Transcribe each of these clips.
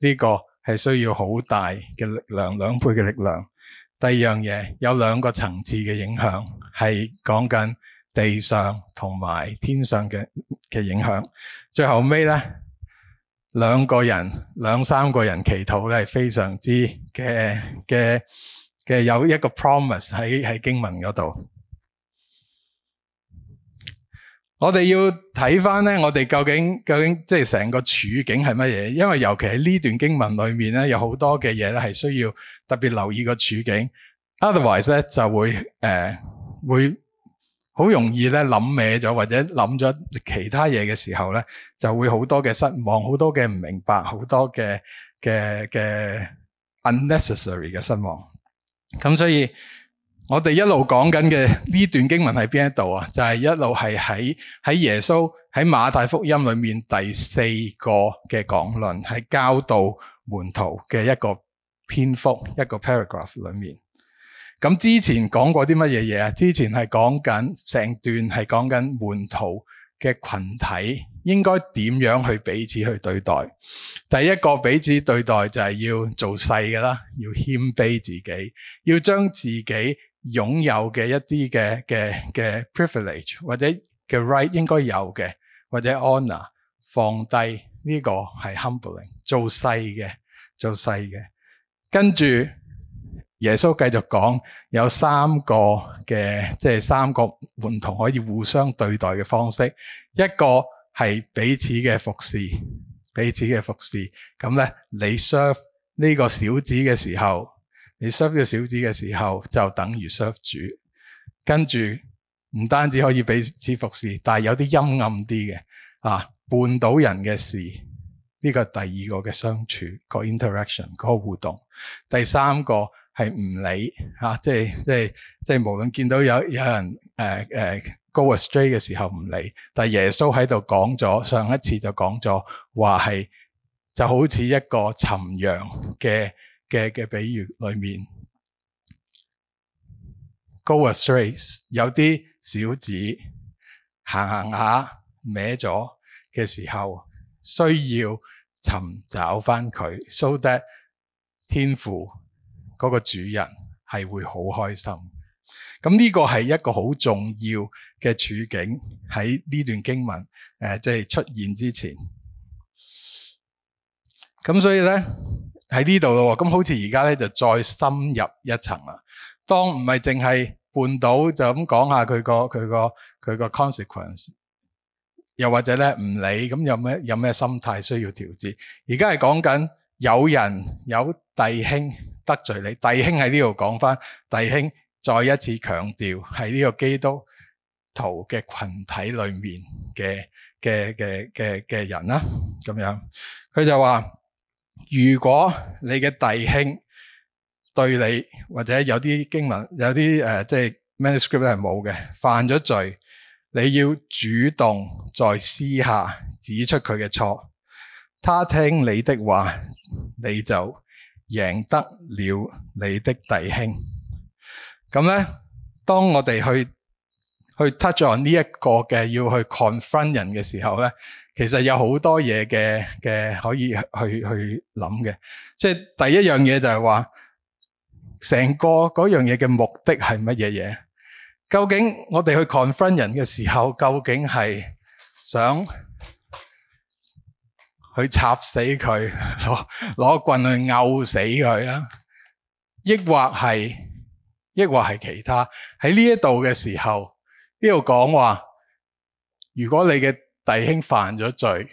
呢個係需要好大嘅力量，兩倍嘅力量。第二樣嘢有兩個層次嘅影響，係講緊地上同埋天上嘅嘅影響。最後尾咧，兩個人、兩三個人祈禱咧，係非常之嘅嘅嘅，有一個 promise 喺喺經文嗰度。我哋要睇翻咧，我哋究竟究竟即係成個處境係乜嘢？因為尤其喺呢段經文裏面咧，有好多嘅嘢咧係需要特別留意個處境，otherwise 咧就會誒、呃、會好容易咧諗歪咗，或者諗咗其他嘢嘅時候咧，就會好多嘅失望，好多嘅唔明白，好多嘅嘅嘅 unnecessary 嘅失望。咁所以。我哋一路講緊嘅呢段經文喺邊一度啊？就係一路係喺喺耶穌喺馬太福音裏面第四個嘅講論，係教導門徒嘅一個篇幅，一個 paragraph 裏面。咁之前講過啲乜嘢嘢啊？之前係講緊成段係講緊門徒嘅群體應該點樣去彼此去對待。第一個彼此對待就係要做細嘅啦，要謙卑自己，要將自己。擁有嘅一啲嘅嘅嘅 privilege 或者嘅 right 應該有嘅或者 honor 放低呢個係 humbling 做細嘅做細嘅跟住耶穌繼續講有三個嘅即係三個門徒可以互相對待嘅方式一個係彼此嘅服侍，彼此嘅服侍。咁咧你 serve 呢個小子嘅時候。你 serve 小子嘅時候就等於 serve 主，跟住唔單止可以彼此服侍，但係有啲陰暗啲嘅啊，絆倒人嘅事呢、這個第二個嘅相處個 interaction 個互動，第三個係唔理啊，即係即係即係無論見到有有人誒誒、呃呃、go astray 嘅時候唔理，但係耶穌喺度講咗上一次就講咗話係就好似一個尋羊嘅。嘅嘅比喻裏面，Go astray 有啲小子行行下歪咗嘅時候，需要尋找翻佢，so that 天父嗰個主人係會好開心。咁呢個係一個好重要嘅處境喺呢段經文誒，即、呃、係、就是、出現之前。咁所以咧。喺呢度咯，咁好似而家咧就再深入一層啦。當唔係淨係半島就咁講下佢個佢個佢個 consequence，又或者咧唔理咁有咩有咩心態需要調節。而家係講緊有人有弟兄得罪你，弟兄喺呢度講返，弟兄再一次強調喺呢個基督徒嘅群體裡面嘅嘅嘅嘅嘅人啦、啊，咁樣佢就話。如果你嘅弟兄對你或者有啲經文有啲誒，即、呃、係、就是、manuscript 咧係冇嘅，犯咗罪，你要主動在私下指出佢嘅錯，他聽你的話，你就贏得了你的弟兄。咁咧，當我哋去去 touch on 呢一個嘅要去 confront 人嘅時候咧。其實有好多嘢嘅嘅可以去去諗嘅，即係第一樣嘢就係話，成個嗰樣嘢嘅目的係乜嘢嘢？究竟我哋去 confront 人嘅時候，究竟係想去插死佢，攞攞棍去拗死佢啊？抑或係抑或係其他？喺呢一度嘅時候，呢度講話，如果你嘅。弟兄犯咗罪，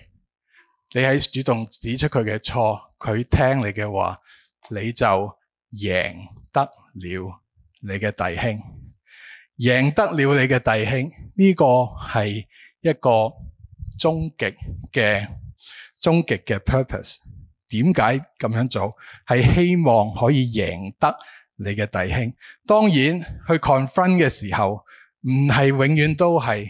你喺主動指出佢嘅錯，佢聽你嘅話，你就贏得了你嘅弟兄，贏得了你嘅弟兄，呢個係一個終極嘅終極嘅 purpose。點解咁樣做？係希望可以贏得你嘅弟兄。當然去 confront 嘅時候，唔係永遠都係。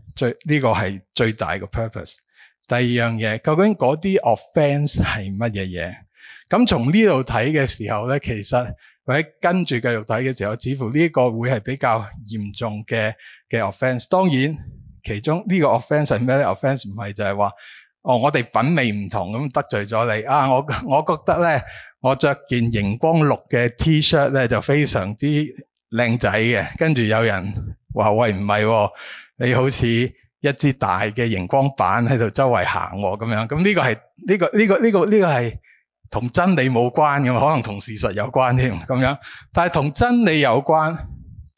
最呢、這個係最大嘅 purpose。第二樣嘢，究竟嗰啲 offense 係乜嘢嘢？咁從呢度睇嘅時候咧，其實或者跟住繼續睇嘅時候，似乎呢一個會係比較嚴重嘅嘅 offense。當然，其中呢個 offense 係咩 offense？唔係就係話哦，我哋品味唔同，咁得罪咗你啊！我我覺得咧，我着件熒光綠嘅 T-shirt 咧就非常之靚仔嘅。跟住有人話：喂，唔係、哦。你好似一支大嘅熒光板喺度周圍行喎咁樣，咁呢個係呢個呢個呢個呢個係同真理冇關嘅，可能同事實有關添咁樣。但係同真理有關、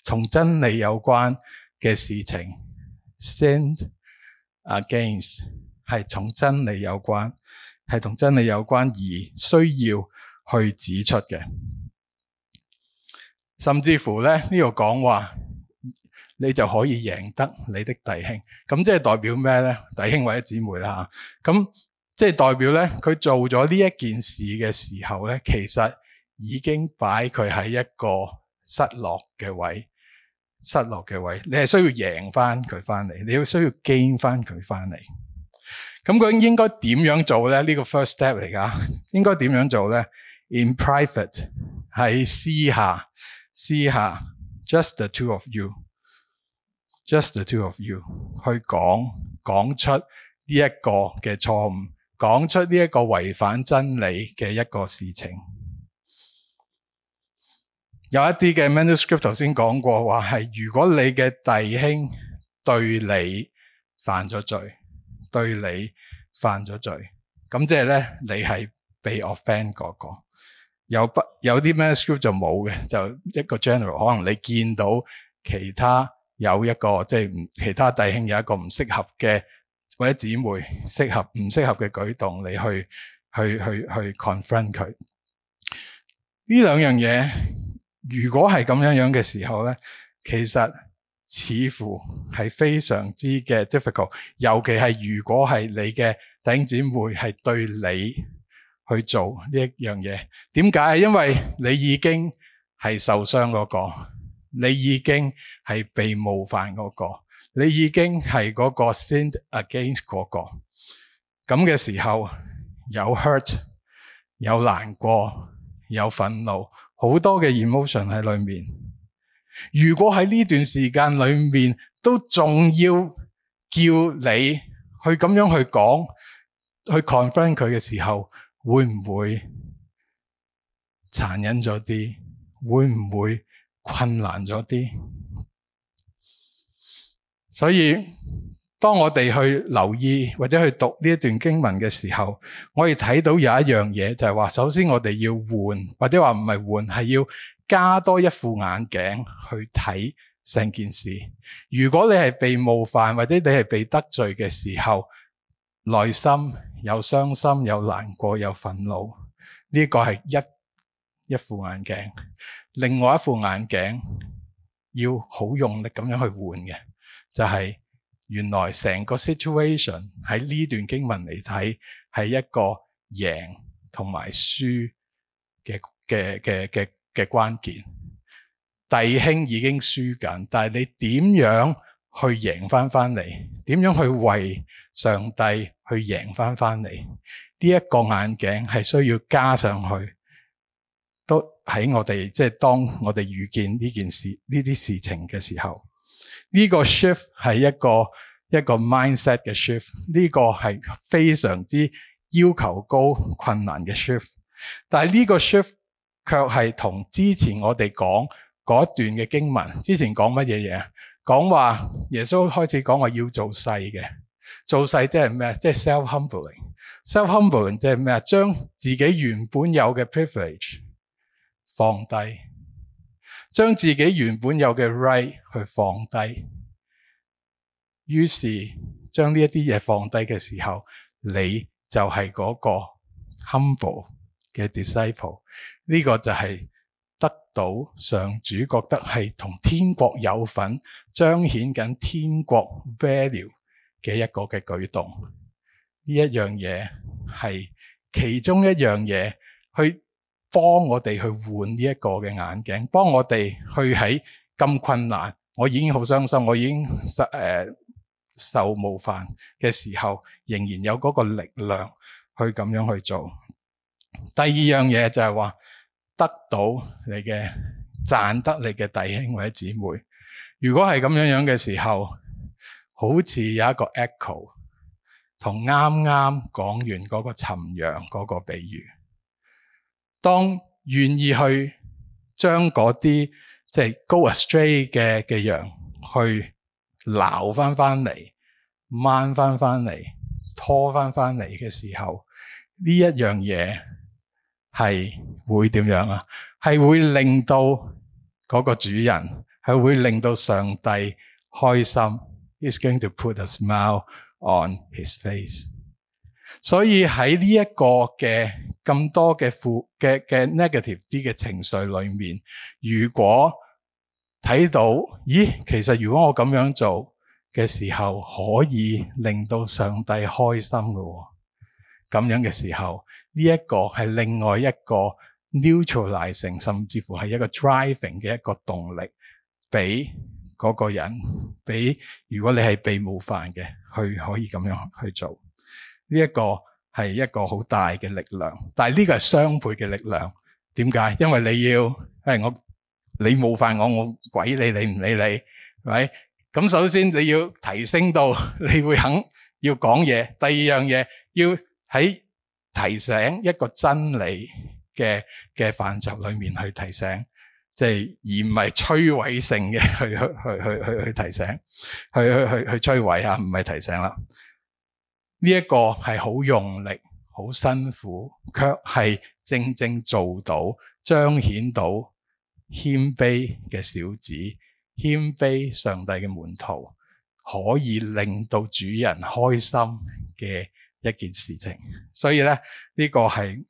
同真理有關嘅事情 stand against 係同真理有關，係同真理有關而需要去指出嘅。甚至乎咧，呢個講話。你就可以贏得你的弟兄，咁即係代表咩咧？弟兄或者姊妹啦嚇，咁即係代表咧，佢做咗呢一件事嘅時候咧，其實已經擺佢喺一個失落嘅位，失落嘅位，你係需要贏翻佢翻嚟，你要需要 gain 翻佢翻嚟。咁究竟應該點樣做咧？呢、這個 first step 嚟噶，應該點樣做咧？In private，係私下，私下 just the two of you。Just the two of you 去講講出呢一個嘅錯誤，講出呢一個違反真理嘅一個事情。有一啲嘅 manuscript 頭先講過話係，如果你嘅弟兄對你犯咗罪，對你犯咗罪，咁即係咧你係被 offend 嗰個,個。有不有啲 manuscript 就冇嘅，就一個 general，可能你見到其他。有一個即係其他弟兄有一個唔適合嘅，或者姊妹適合唔適合嘅舉動，你去去去去 confront 佢，呢兩樣嘢。如果係咁樣樣嘅時候咧，其實似乎係非常之嘅 difficult。尤其係如果係你嘅弟兄姊妹係對你去做呢一樣嘢，點解？因為你已經係受傷嗰個。你已經係被冒犯嗰個，你已經係嗰個 sinned against 嗰個，咁嘅時候有 hurt，有難過，有憤怒，好多嘅 emotion 喺裏面。如果喺呢段時間裏面都仲要叫你去咁樣去講，去 confront 佢嘅時候，會唔會殘忍咗啲？會唔會？困難咗啲，所以當我哋去留意或者去讀呢一段經文嘅時候，我哋睇到有一樣嘢，就係話，首先我哋要換或者話唔係換，係要加多一副眼鏡去睇成件事。如果你係被冒犯或者你係被得罪嘅時候，內心有傷心、有難過、有憤怒，呢個係一一副眼鏡。另外一副眼鏡要好用力咁樣去換嘅，就係原來成個 situation 喺呢段經文嚟睇係一個贏同埋輸嘅嘅嘅嘅嘅關鍵。弟兄已經輸緊，但係你點樣去贏翻翻嚟？點樣去為上帝去贏翻翻嚟？呢一個眼鏡係需要加上去。喺我哋即係當我哋遇見呢件事呢啲事情嘅時候，呢個 shift 係一個一個 mindset 嘅 shift，呢個係非常之要求高困難嘅 shift。但係呢個 shift 卻係同之前我哋講嗰一段嘅經文，之前講乜嘢嘢？講話耶穌開始講話要做細嘅，做細即係咩？即係 self-humbling，self-humbling 即係咩啊？將自己原本有嘅 privilege。放低，將自己原本有嘅 right 去放低，於是將呢一啲嘢放低嘅時候，你就係嗰個 humble 嘅 disciple，呢個就係得到上主覺得係同天國有份，彰顯緊天國 value 嘅一個嘅舉動。呢一樣嘢係其中一樣嘢去。幫我哋去換呢一個嘅眼鏡，幫我哋去喺咁困難，我已經好傷心，我已經誒受冒犯嘅時候，仍然有嗰個力量去咁樣去做。第二樣嘢就係話，得到你嘅賺得你嘅弟兄或者姊妹，如果係咁樣樣嘅時候，好似有一個 echo，同啱啱講完嗰個尋羊嗰個比喻。當願意去將嗰啲即係 go astray 嘅嘅羊去撈翻翻嚟，掹翻翻嚟，拖翻翻嚟嘅時候，呢一樣嘢係會點樣啊？係會令到嗰個主人，係會令到上帝開心。He's going to put a smile on his face。所以喺呢一個嘅。咁多嘅負嘅嘅 negative 啲嘅情緒裏面，如果睇到，咦，其實如果我咁樣做嘅時候，可以令到上帝開心噶喎，咁樣嘅時候，呢、這、一個係另外一個 neutralizing，甚至乎係一個 driving 嘅一個動力，俾嗰個人，俾如果你係被冒犯嘅，去可以咁樣去做呢一、這個。係一個好大嘅力量，但係呢個係雙倍嘅力量。點解？因為你要，誒我你冒犯我，我鬼理你，唔理你，係咪？咁首先你要提升到你會肯要講嘢，第二樣嘢要喺提醒一個真理嘅嘅範疇裏面去提醒，即係而唔係摧毀性嘅去去去去去去提醒，去去去去摧毀啊，唔係提醒啦。呢一個係好用力、好辛苦，卻係正正做到、彰顯到謙卑嘅小子，謙卑上帝嘅門徒，可以令到主人開心嘅一件事情。所以咧，呢個係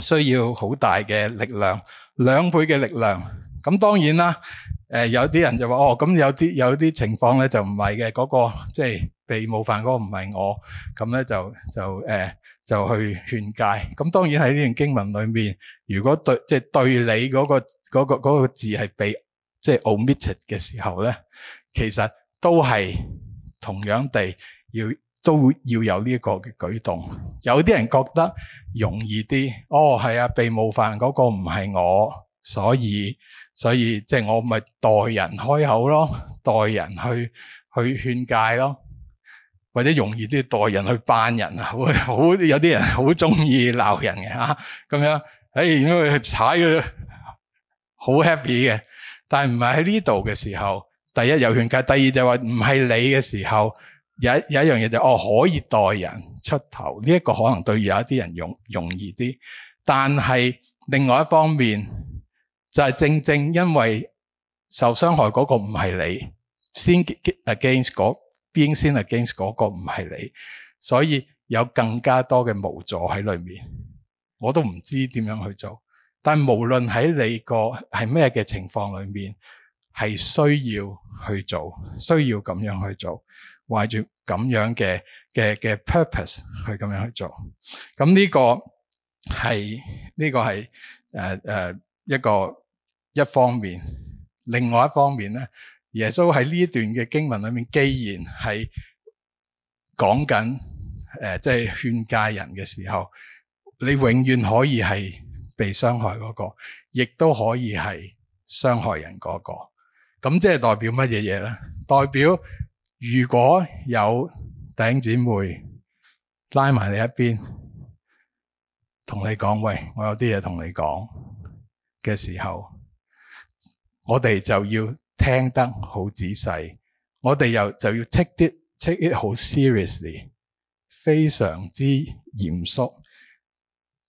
需要好大嘅力量，兩倍嘅力量。咁當然啦，誒有啲人就話：哦，咁有啲有啲情況咧就唔係嘅，嗰個即係。被冒犯嗰個唔係我，咁咧就就誒、呃、就去勸戒。咁當然喺呢段經文裏面，如果對即係、就是、對你嗰、嗰個、嗰個、嗰個嗰個字係被即係 omit 嘅時候咧，其實都係同樣地要都要有呢一個嘅舉動。有啲人覺得容易啲，哦係啊，被冒犯嗰個唔係我，所以所以即係、就是、我咪代人開口咯，代人去去勸戒咯。或者容易啲代人去扮人， 人，人啊，會好有啲人好中意鬧人嘅吓，咁樣，哎，點解佢踩佢好 happy 嘅？但係唔係喺呢度嘅時候，第一有勸戒，第二就係話唔係你嘅時候，有有一樣嘢，就是、哦可以代人出頭，呢、這、一個可能對有一啲人容容易啲，但係另外一方面就係、是、正正因為受傷害嗰個唔係你先、那個。h i against Being against 嗰個唔係你，所以有更加多嘅無助喺裏面，我都唔知點樣去做。但無論喺你個係咩嘅情況裏面，係需要去做，需要咁樣去做，懷住咁樣嘅嘅嘅 purpose 去咁樣去做。咁呢個係呢、呢個係誒誒一個一方面，另外一方面咧。耶穌喺呢一段嘅經文裏面，既然係講緊誒，即係勸誡人嘅時候，你永遠可以係被傷害嗰個，亦都可以係傷害人嗰個。咁即係代表乜嘢嘢咧？代表如果有弟兄姊妹拉埋你一邊，同你講：「喂，我有啲嘢同你講嘅時候，我哋就要。聽得好仔細，我哋又就要 take it take it 好 seriously，非常之嚴肅、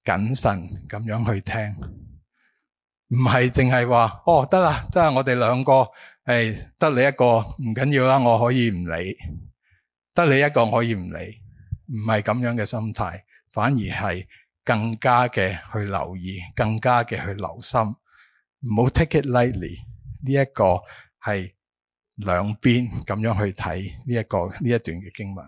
謹慎咁樣去聽，唔係淨係話哦得啦得啦，我哋兩個係、哎、得你一個唔緊要啦，我可以唔理，得你一個可以唔理，唔係咁樣嘅心態，反而係更加嘅去留意，更加嘅去留心，唔好 take it lightly 呢、這、一個。係兩邊咁樣去睇呢一個呢一段嘅經文。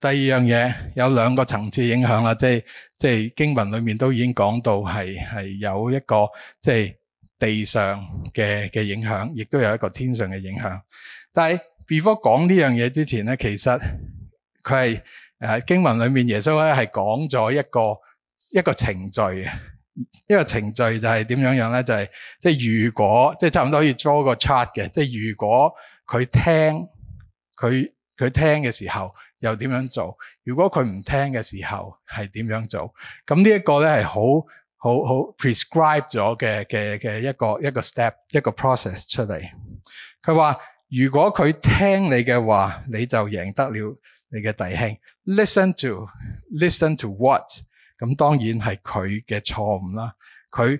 第二樣嘢有兩個層次影響啦，即係即係經文裏面都已經講到係係有一個即係地上嘅嘅影響，亦都有一個天上嘅影響。但係 before 講呢樣嘢之前咧，其實佢係誒經文裏面耶穌咧係講咗一個一個程序嘅。呢個程序就係點樣樣咧，就係即係如果即係、就是、差唔多可以 draw 個 chart 嘅，即、就、係、是、如果佢聽佢佢聽嘅時候又點樣做？如果佢唔聽嘅時候係點樣做？咁、這、呢、個、一個咧係好好好 prescribe 咗嘅嘅嘅一個一個 step 一個 process 出嚟。佢話如果佢聽你嘅話，你就贏得了你嘅弟兄。Listen to，listen to what？咁當然係佢嘅錯誤啦。佢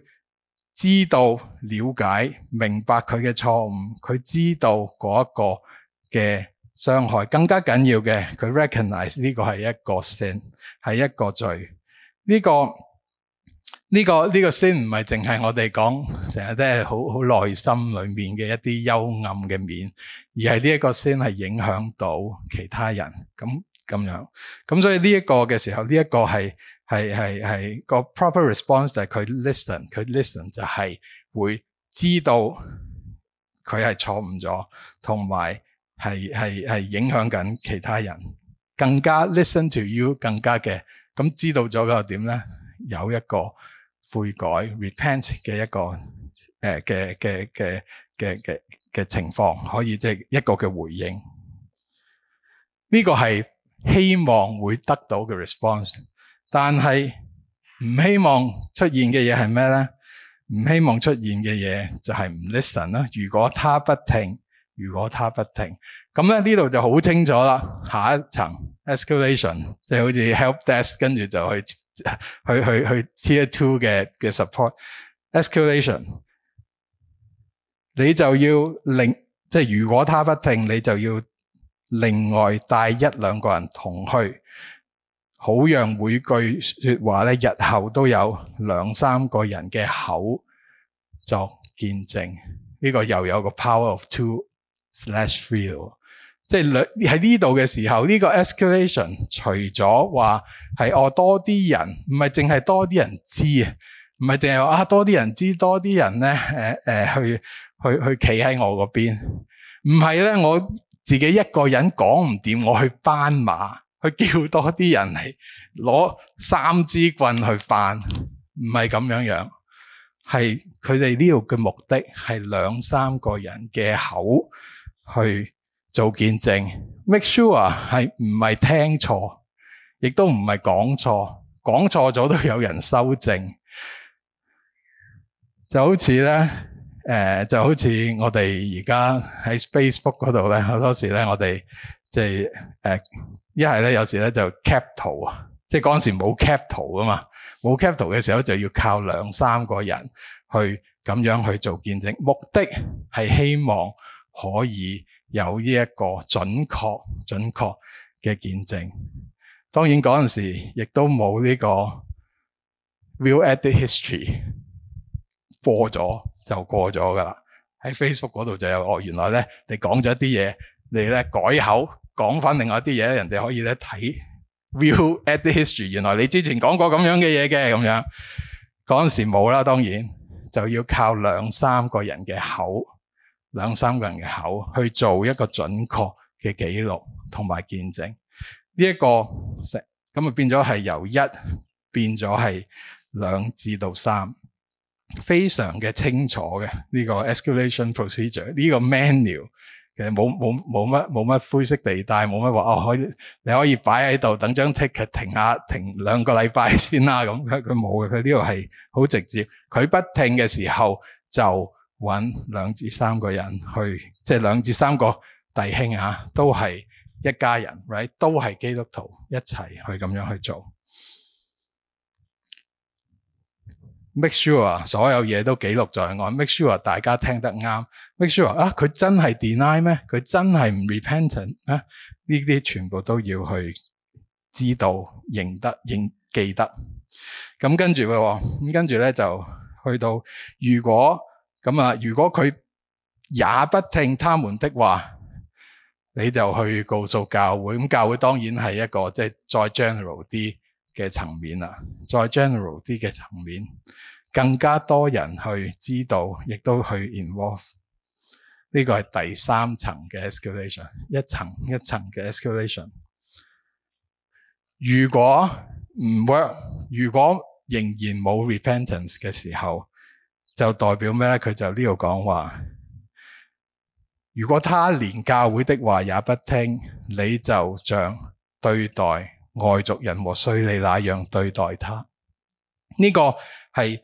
知道、了解、明白佢嘅錯誤，佢知道嗰一個嘅傷害。更加緊要嘅，佢 recognize 呢個係一個 sin，係一個罪。呢個呢個呢個 sin 唔係淨係我哋講成日都係好好內心裡面嘅一啲幽暗嘅面，而係呢一個 sin 係影響到其他人。咁咁樣，咁所以呢一個嘅時候，呢一個係。係係係個 proper response 就係佢 listen，佢 listen 就係會知道佢係錯誤咗，同埋係係係影響緊其他人，更加 listen to you 更加嘅咁知道咗又點咧？有一個悔改 repent 嘅一個誒嘅嘅嘅嘅嘅嘅情況，可以即係一個嘅回應。呢個係希望會得到嘅 response。但係唔希望出現嘅嘢係咩咧？唔希望出現嘅嘢就係唔 listen 啦。如果他不聽，如果他不聽，咁咧呢度就好清楚啦。下一層 escalation，即係好似 help desk，跟住就去去去去，去 tier two 嘅嘅 support。escalation，你就要令即係、就是、如果他不聽，你就要另外帶一兩個人同去。好讓每句說話咧，日後都有兩三個人嘅口作見證。呢、這個又有一個 power of two slash three 喎。即係兩喺呢度嘅時候，呢、這個 escalation 除咗話係我多啲人，唔係淨係多啲人知啊，唔係淨係話啊多啲人知，多啲人咧誒誒去去去企喺我嗰邊。唔係咧，我自己一個人講唔掂，我去斑馬。去叫多啲人嚟攞三支棍去辦，唔係咁樣樣，係佢哋呢度嘅目的係兩三個人嘅口去做見證，make sure 係唔係聽錯，亦都唔係講錯，講錯咗都有人修正。就好似咧，誒、呃、就好似我哋而家喺 Facebook 嗰度咧，好多時咧我哋即係誒。呃一係咧，有時咧就 cap 圖啊，即係嗰陣時冇 cap 圖啊嘛，冇 cap 圖嘅時候就要靠兩三個人去咁樣去做見證，目的係希望可以有呢一個準確、準確嘅見證。當然嗰陣時亦都冇呢個 view edit history，過咗就過咗噶啦。喺 Facebook 嗰度就有哦，原來咧你講咗一啲嘢，你咧改口。講翻另外一啲嘢，人哋可以咧睇 will at the history。原來你之前講過咁樣嘅嘢嘅咁樣，嗰陣時冇啦，當然就要靠兩三個人嘅口，兩三個人嘅口去做一個準確嘅記錄同埋見證。呢、這、一個咁啊變咗係由一變咗係兩至到三，非常嘅清楚嘅呢、這個 escalation procedure 呢個 menu 其實冇冇冇乜冇乜灰色地帶，冇乜話哦可以你可以擺喺度等張 ticket 停下停兩個禮拜先啦咁，佢冇嘅，佢呢個係好直接。佢不聽嘅時候就揾兩至三個人去，即係兩至三個弟兄吓、啊，都係一家人，right 都係基督徒一齊去咁樣去做。make sure 所有嘢都記錄在案；make sure 大家聽得啱；make sure 啊，佢真係 deny 咩？佢真係唔 repentant 啊？呢啲全部都要去知道、認得、認記得。咁、嗯、跟住會話，咁跟住咧就去到，如果咁啊、嗯，如果佢也不聽他們的話，你就去告訴教會。咁、嗯、教會當然係一個即係、就是、再 general 啲嘅層面啦，再 general 啲嘅層面。更加多人去知道，亦都去 involve。呢個係第三層嘅 escalation，一層一層嘅 escalation。如果唔 work，如果仍然冇 repentance 嘅時候，就代表咩咧？佢就呢度講話：如果他連教會的話也不聽，你就像對待外族人和稅吏那樣對待他。呢個係。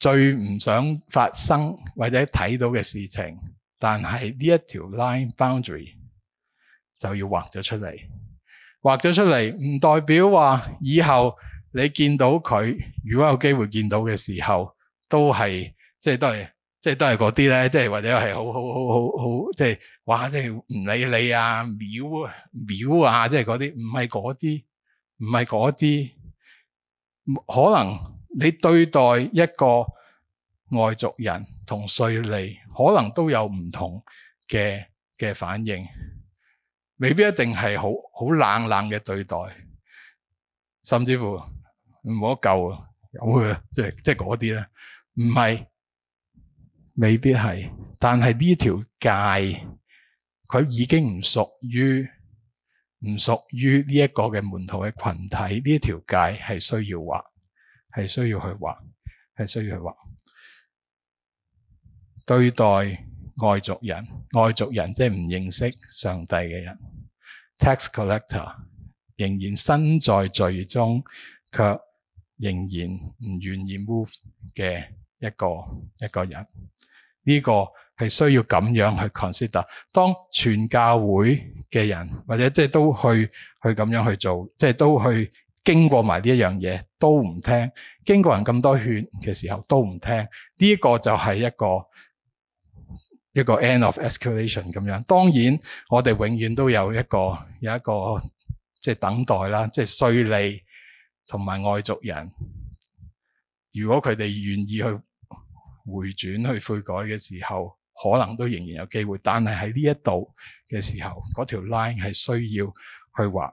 最唔想發生或者睇到嘅事情，但係呢一條 line boundary 就要畫咗出嚟，畫咗出嚟唔代表話以後你見到佢，如果有機會見到嘅時候，都係即係都係即係都係嗰啲咧，即係或者係好好好好好即係哇，即係唔理你啊秒秒啊，即係嗰啲唔係嗰啲，唔係嗰啲，可能。你對待一個外族人同稅吏，可能都有唔同嘅嘅反應，未必一定係好好冷冷嘅對待，甚至乎冇得救啊！有嘅即係即係嗰啲咧，唔係未必係，但係呢條界佢已經唔屬於唔屬於呢一個嘅門徒嘅羣體，呢一條界係需要畫。係需要去畫，係需要去畫。對待外族人，外族人即係唔認識上帝嘅人，tax collector 仍然身在罪中，卻仍然唔願意 move 嘅一個一個人。呢個係需要咁樣去 consider。當全教會嘅人或者即係都去去咁樣去做，即係都去。經過埋呢一樣嘢都唔聽，經過人咁多勸嘅時候都唔聽，呢、這個、一個就係一個一個 end of escalation 咁樣。當然我哋永遠都有一個有一個即係等待啦，即係稅吏同埋外族人，如果佢哋願意去回轉去悔改嘅時候，可能都仍然有機會。但係喺呢一度嘅時候，嗰條 line 係需要去畫。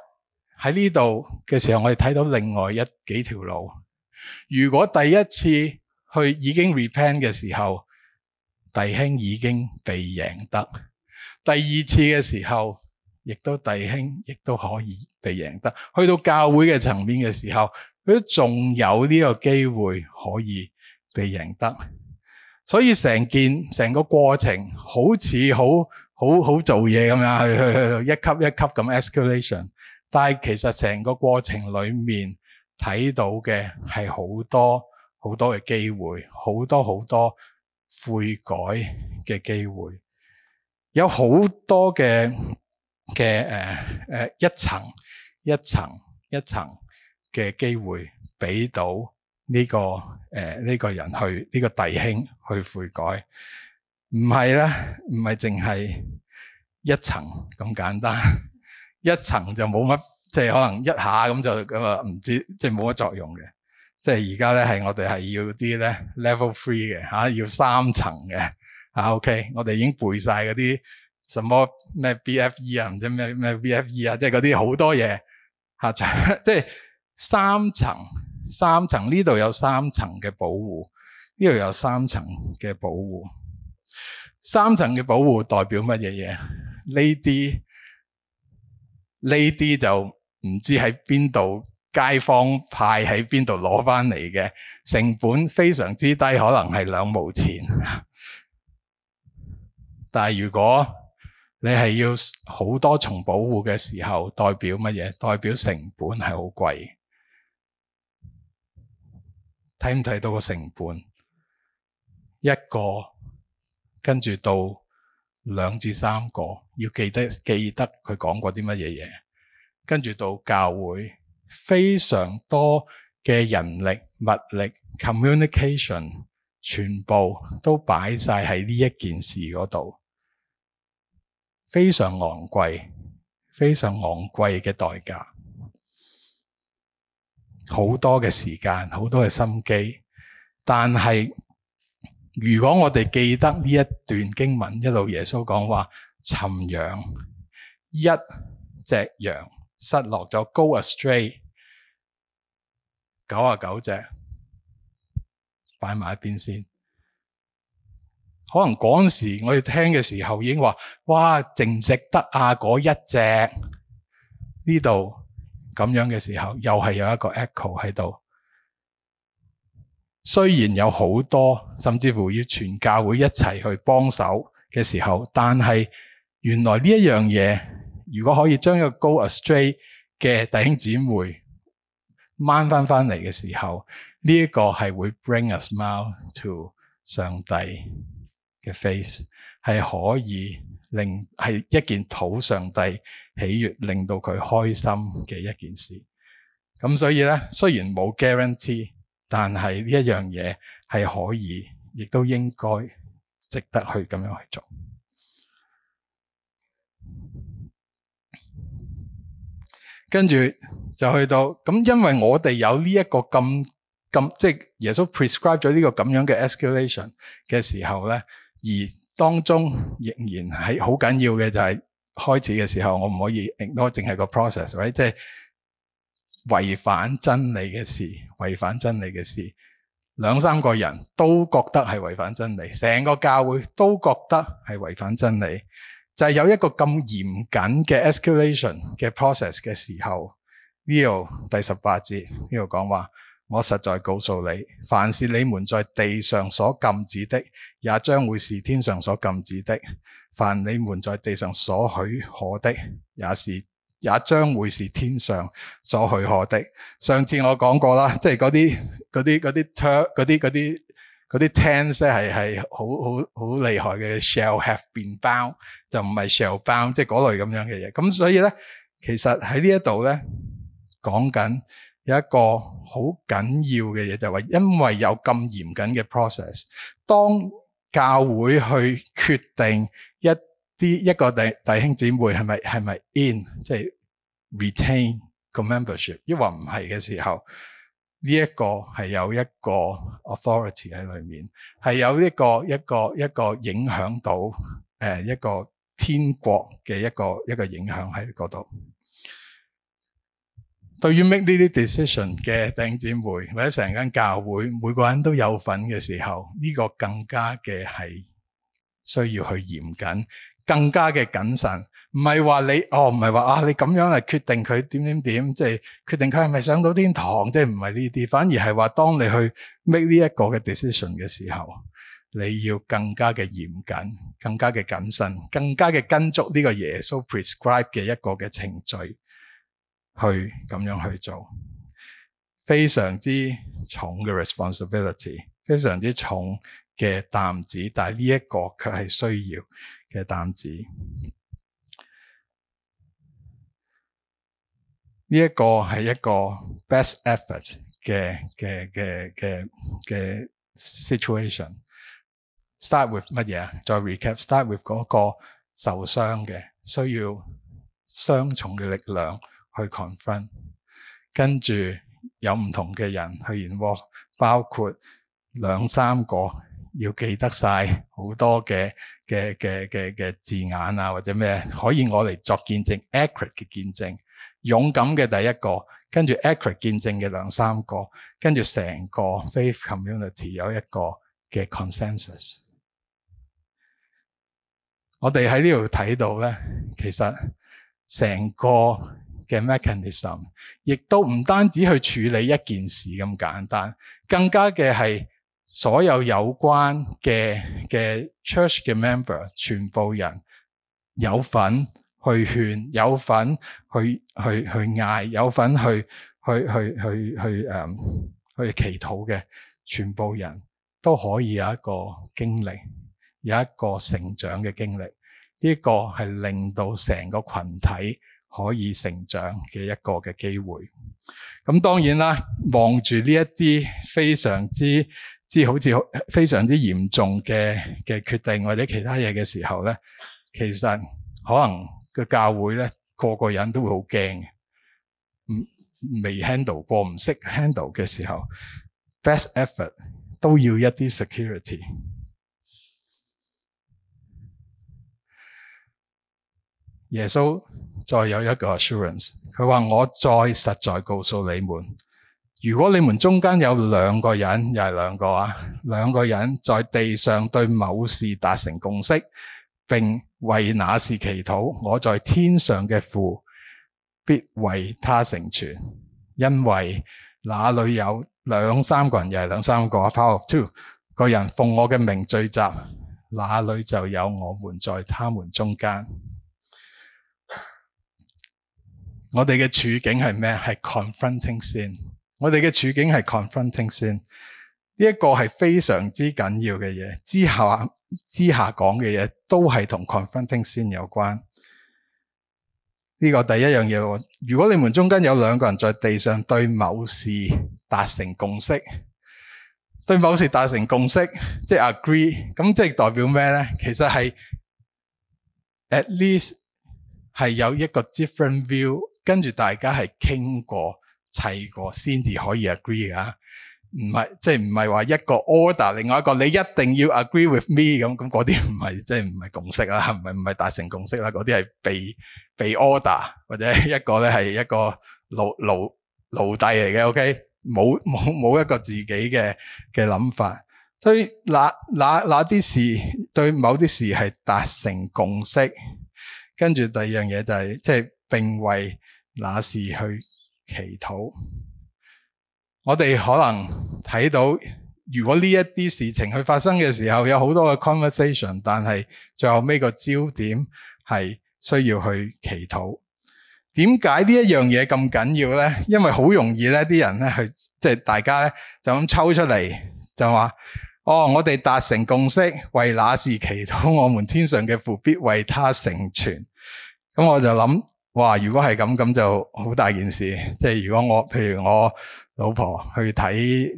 喺呢度嘅時候，我哋睇到另外一幾條路。如果第一次去已經 repent 嘅時候，弟兄已經被贏得；第二次嘅時候，亦都弟兄亦都可以被贏得。去到教會嘅層面嘅時候，佢仲有呢個機會可以被贏得。所以成件成個過程好似好好好做嘢咁樣，一級一級咁 escalation。但係，其實成個過程裏面睇到嘅係好多好多嘅機會，好多好多悔改嘅機會，有好多嘅嘅誒誒一層一層一層嘅機會，這個，俾到呢個誒呢個人去呢、這個弟兄去悔改，唔係咧，唔係淨係一層咁簡單。一層就冇乜，即係可能一下咁就咁啊，唔知即係冇乜作用嘅。即係而家咧係我哋係要啲咧 level three 嘅吓，要三層嘅吓。啊。OK，我哋已經背晒嗰啲什麼咩 BFE 啊，唔知咩咩 BFE 啊，即係嗰啲好多嘢吓。啊。即係三層，三層呢度有三層嘅保護，呢度有三層嘅保護，三層嘅保護代表乜嘢嘢？呢啲。呢啲就唔知喺邊度，街坊派喺邊度攞翻嚟嘅，成本非常之低，可能係兩毛錢。 但係如果你係要好多重保護嘅時候，代表乜嘢？代表成本係好貴。睇唔睇到個成本？一個跟住到。兩至三個要記得記得佢講過啲乜嘢嘢，跟住到教會，非常多嘅人力物力 communication，全部都擺晒喺呢一件事嗰度，非常昂貴，非常昂貴嘅代價，好多嘅時間，好多嘅心機，但係。如果我哋記得呢一段經文，一路耶穌講話尋羊，一隻羊失落咗，go astray，九啊九隻，放埋一邊先。可能嗰時我哋聽嘅時候已經話，哇，值唔值得啊？嗰一隻呢度咁樣嘅時候，又係有一個 echo 喺度。雖然有好多，甚至乎要全教會一齊去幫手嘅時候，但係原來呢一樣嘢，如果可以將一個 go astray 嘅弟兄姊妹掹翻翻嚟嘅時候，呢、這、一個係會 bring a smile to 上帝嘅 face，係可以令係一件討上帝喜悅、令到佢開心嘅一件事。咁所以咧，雖然冇 guarantee。但係呢一樣嘢係可以，亦都應該值得去咁樣去做。跟住就去到咁，因為我哋有呢、這、一個咁咁，即係耶穌 prescribe 咗呢個咁樣嘅 escalation 嘅時候咧，而當中仍然係好緊要嘅就係、是、開始嘅時候，我唔可以 ignore 淨係個 process，即係。違反真理嘅事，違反真理嘅事，兩三個人都覺得係違反真理，成個教會都覺得係違反真理。就係有一個咁嚴謹嘅 escalation 嘅 process 嘅時候，呢度第十八節呢度講話，我實在告訴你，凡是你們在地上所禁止的，也將會是天上所禁止的；凡你們在地上所許可的，也是。也將會是天上所許可的。上次我講過啦，即係嗰啲嗰啲嗰啲嗰啲啲啲 tense 係係好好好厲害嘅，shall have been bound 就唔係 shall bound，即係嗰類咁樣嘅嘢。咁所以咧，其實喺呢一度咧，講緊有一個好緊要嘅嘢，就係話因為有咁嚴謹嘅 process，當教會去決定。啲一個弟弟兄姊妹係咪係咪 in 即係 retain 個 membership？抑或唔係嘅時候，呢、這、一個係有一個 authority 喺裏面，係有一個一個一個影響到誒、呃、一個天國嘅一個一個影響喺嗰度。對於 make 呢啲 decision 嘅弟兄姊妹或者成間教會每個人都有份嘅時候，呢、這個更加嘅係需要去嚴謹。更加嘅謹慎，唔係話你，哦，唔係話啊，你咁樣嚟決定佢點點點，即係決定佢係咪上到天堂，即係唔係呢啲，反而係話，當你去 make 呢一個嘅 decision 嘅時候，你要更加嘅嚴謹，更加嘅謹慎，更加嘅跟足呢個耶穌 prescribe 嘅一個嘅程序，去咁樣去做，非常之重嘅 responsibility，非常之重。嘅擔子，但係呢一個卻係需要嘅擔子。呢、這、一個係一個 best effort 嘅嘅嘅嘅嘅 situation。start with 乜嘢？再 recap。start with 嗰個受傷嘅，需要雙重嘅力量去 confirm。跟住有唔同嘅人去研卧，包括兩三個。要記得晒好多嘅嘅嘅嘅嘅字眼啊，或者咩可以我嚟作見證 accurate 嘅見證，勇敢嘅第一個，跟住 accurate 見證嘅兩三個，跟住成個 faith community 有一個嘅 consensus。我哋喺呢度睇到咧，其實成個嘅 mechanism 亦都唔單止去處理一件事咁簡單，更加嘅係。所有有關嘅嘅 church 嘅 member，全部人有份去勸，有份去去去嗌，有份去去去去去誒去祈禱嘅，全部人都可以有一個經歷，有一個成長嘅經歷。呢個係令到成個群體。可以成長嘅一個嘅機會。咁當然啦，望住呢一啲非常之、之好似非常之嚴重嘅嘅決定或者其他嘢嘅時候咧，其實可能個教會咧個個人都會好驚。嗯，未 handle 過唔識 handle 嘅時候，best effort 都要一啲 security。耶穌。再有一個 assurance，佢話：我再實在告訴你們，如果你們中間有兩個人，又係兩個啊，兩個人在地上對某事達成共識並為那事祈禱，我在天上嘅父必為他成全，因為那裏有兩三個人，又係兩三個啊，power of two 個人奉我嘅名聚集，那裏就有我們在他們中間。我哋嘅處境係咩？係 confronting 先。我哋嘅處境係 confronting 先。呢一個係非常之緊要嘅嘢。之下之下講嘅嘢都係同 confronting 先有關。呢個第一樣嘢。如果你們中間有兩個人在地上對某事達成共識，對某事達成共識，即係 agree，咁即係代表咩咧？其實係 at least 係有一個 different view。跟住大家係傾過、砌過，先至可以 agree 啊！唔係，即係唔係話一個 order，另外一個你一定要 agree with me 咁咁嗰啲唔係，即係唔係共識啊？唔係唔係達成共識啦，嗰啲係被被 order，或者一個咧係一個奴奴奴隸嚟嘅，OK？冇冇冇一個自己嘅嘅諗法，所以嗱嗱嗱啲事對某啲事係達成共識，跟住第二樣嘢就係即係并為。那事去祈禱，我哋可能睇到，如果呢一啲事情去發生嘅時候，有好多嘅 conversation，但係最後尾個焦點係需要去祈禱。點解呢一樣嘢咁緊要咧？因為好容易咧，啲人咧去即係大家咧就咁抽出嚟就話，哦，我哋達成共識，為那事祈禱，我們天上嘅父必為他成全。咁我就諗。哇！如果係咁，咁就好大件事，即係如果我，譬如我老婆去睇，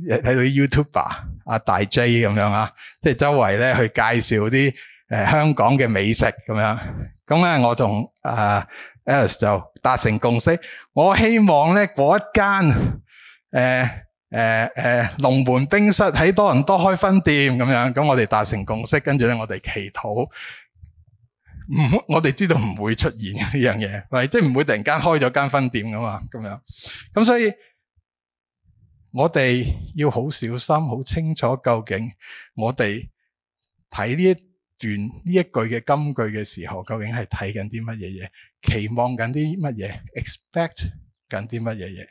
睇到啲 YouTuber 阿大 J 咁樣啊，即係周圍咧去介紹啲誒香港嘅美食咁樣，咁咧我同誒 Alice 就達成共識，我希望咧嗰一間誒誒誒龍門冰室喺多倫多開分店咁樣，咁我哋達成共識，跟住咧我哋祈禱。唔，我哋知道唔會出現呢樣嘢，咪即係唔會突然間開咗間分店噶嘛，咁樣，咁所以我哋要好小心、好清楚，究竟我哋睇呢一段，呢一句嘅金句嘅時候，究竟係睇緊啲乜嘢嘢，期望緊啲乜嘢，expect 緊啲乜嘢嘢。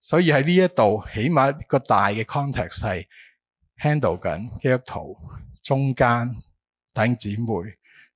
所以喺呢一度，起碼一個大嘅 context 係 handle 緊基督徒中間等姊妹。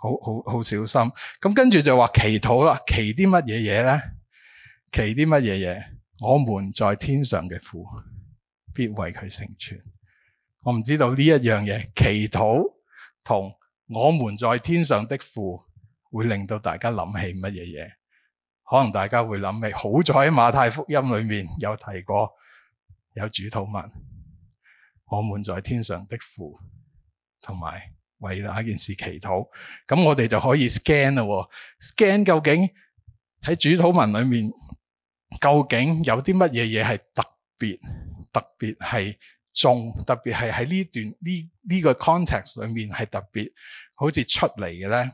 好好好小心，咁跟住就話祈禱啦，祈啲乜嘢嘢咧？祈啲乜嘢嘢？我們在天上嘅父必為佢成全。我唔知道呢一樣嘢，祈禱同我們在天上的父，會令到大家諗起乜嘢嘢？可能大家會諗起，好彩喺馬太福音裏面有提過，有主禱文，我們在天上的父，同埋。為一件事祈禱，咁我哋就可以 scan 咯。scan 究竟喺主禱文裏面，究竟有啲乜嘢嘢係特別特別係重，特別係喺呢段呢呢個 context 裏面係特別，好似出嚟嘅咧。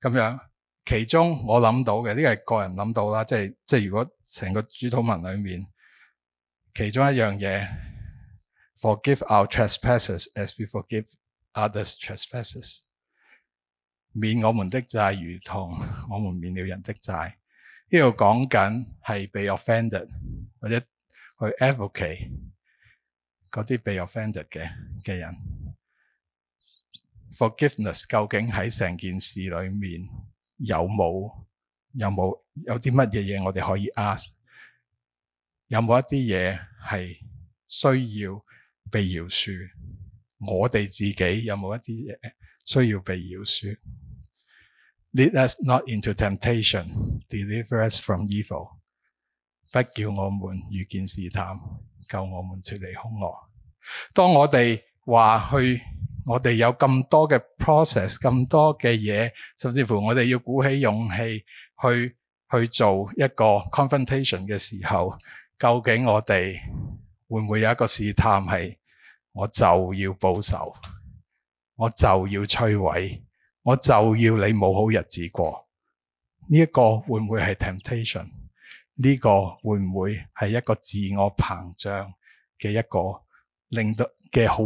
咁樣，其中我諗到嘅，呢個係個人諗到啦，即係即係如果成個主禱文裏面，其中一樣嘢，forgive our trespasses as we forgive。others trespasses，免我們的債，如同我們免了人的債。呢度講緊係被 offended 或者去 advocate 嗰啲被 offended 嘅嘅人。Forgiveness 究竟喺成件事裏面有冇有冇有啲乜嘢嘢我哋可以 ask？有冇一啲嘢係需要被饒恕？我哋自己有冇一啲嘢需要被饒恕？Lead us not into temptation, deliver us from evil。不叫我們遇見試探，救我們脱離兇惡。當我哋話去，我哋有咁多嘅 process，咁多嘅嘢，甚至乎我哋要鼓起勇氣去去做一個 confrontation 嘅時候，究竟我哋會唔會有一個試探係？我就要報仇，我就要摧毀，我就要你冇好日子過。呢、這、一個會唔會係 temptation？呢個會唔會係一個自我膨脹嘅一個令到嘅好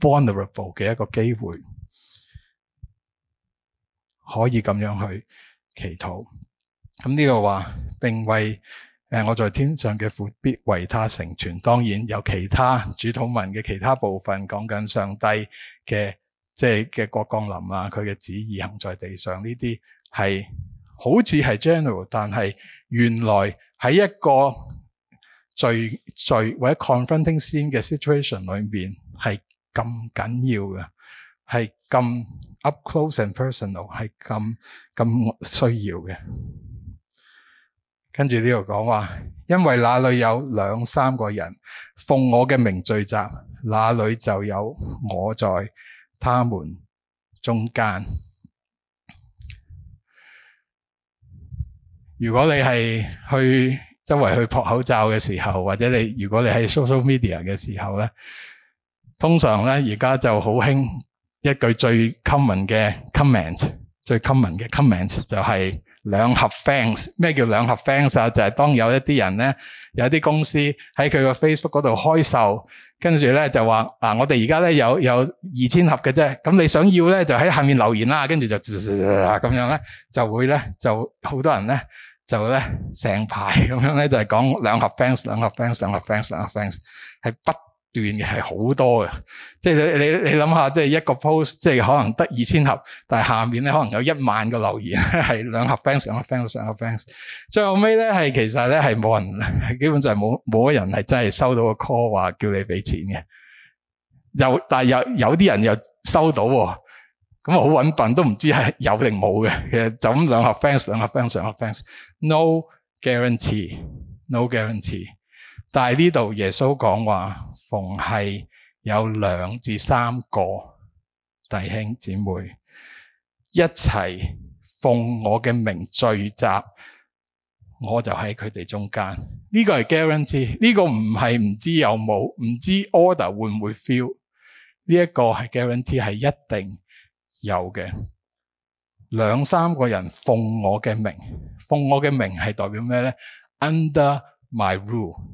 vulnerable 嘅一個機會，可以咁樣去祈禱？咁、這、呢個話並為。誒，我在天上嘅父必為他成全。當然有其他主禱文嘅其他部分講緊上帝嘅即係嘅國降臨啊。佢嘅旨意行在地上呢啲係好似係 general，但係原來喺一個最最或者 confronting scene 嘅 situation 裏面係咁緊要嘅，係咁 up close and personal，係咁咁需要嘅。跟住呢度講話，因為那裏有兩三個人奉我嘅名聚集，那裏就有我在他們中間。如果你係去周圍去撲口罩嘅時候，或者你如果你喺 social media 嘅時候咧，通常咧而家就好興一句最 common 嘅 comment，最 common 嘅 comment 就係、是。兩盒 fans 咩叫兩盒 fans 啊？就係、是、當有一啲人咧，有一啲公司喺佢個 Facebook 嗰度開售，跟住咧就話啊，我哋而家咧有有二千盒嘅啫，咁你想要咧就喺下面留言啦、啊，跟住就咁樣咧就會咧就好多人咧就咧成排咁樣咧就係講兩盒 fans，兩盒 fans，兩盒 fans，兩盒 fans 係不。段嘅係好多嘅，即係你你你諗下，即係一個 post，即係可能得二千盒，但係下面咧可能有一萬個留言係兩盒 fans 兩盒 fans 兩盒 fans，最後尾咧係其實咧係冇人，基本上就係冇冇人係真係收到個 call 話叫你俾錢嘅。又但係有有啲人又收到喎，咁好揾笨都唔知係有定冇嘅。其實就咁兩盒 fans 兩盒 fans 兩盒 fans，no guarantee，no guarantee no guarantee。但係呢度，耶穌講話，奉係有兩至三個弟兄姊妹一齊奉我嘅名聚集，我就喺佢哋中間。呢個係 guarantee，呢個唔係唔知有冇，唔知 order 會唔會 feel。呢一個係 guarantee，係一定有嘅。兩三個人奉我嘅名，奉我嘅名係代表咩咧？Under my rule。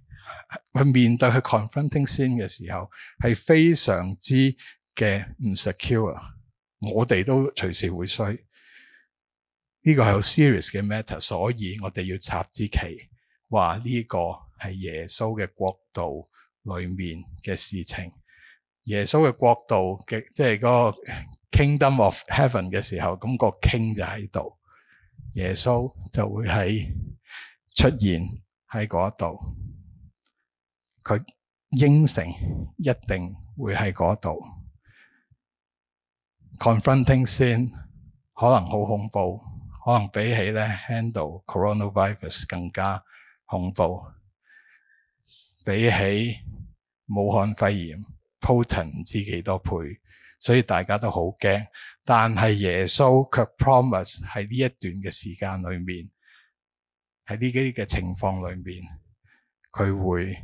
去面對佢 confronting sin 嘅時候，係非常之嘅唔 secure。我哋都隨時會衰，呢個係好 serious 嘅 matter。所以我哋要插支旗，話呢個係耶穌嘅國度裏面嘅事情。耶穌嘅國度嘅即係個 kingdom of heaven 嘅時候，咁個 king 就喺度，耶穌就會喺出現喺嗰度。佢應承一定會喺嗰度 confronting 先，Conf 可能好恐怖，可能比起咧 handle coronavirus 更加恐怖，比起武漢肺炎 potent 唔知幾多倍，所以大家都好驚。但係耶穌卻 promise 喺呢一段嘅時間裏面，喺呢啲嘅情況裏面，佢會。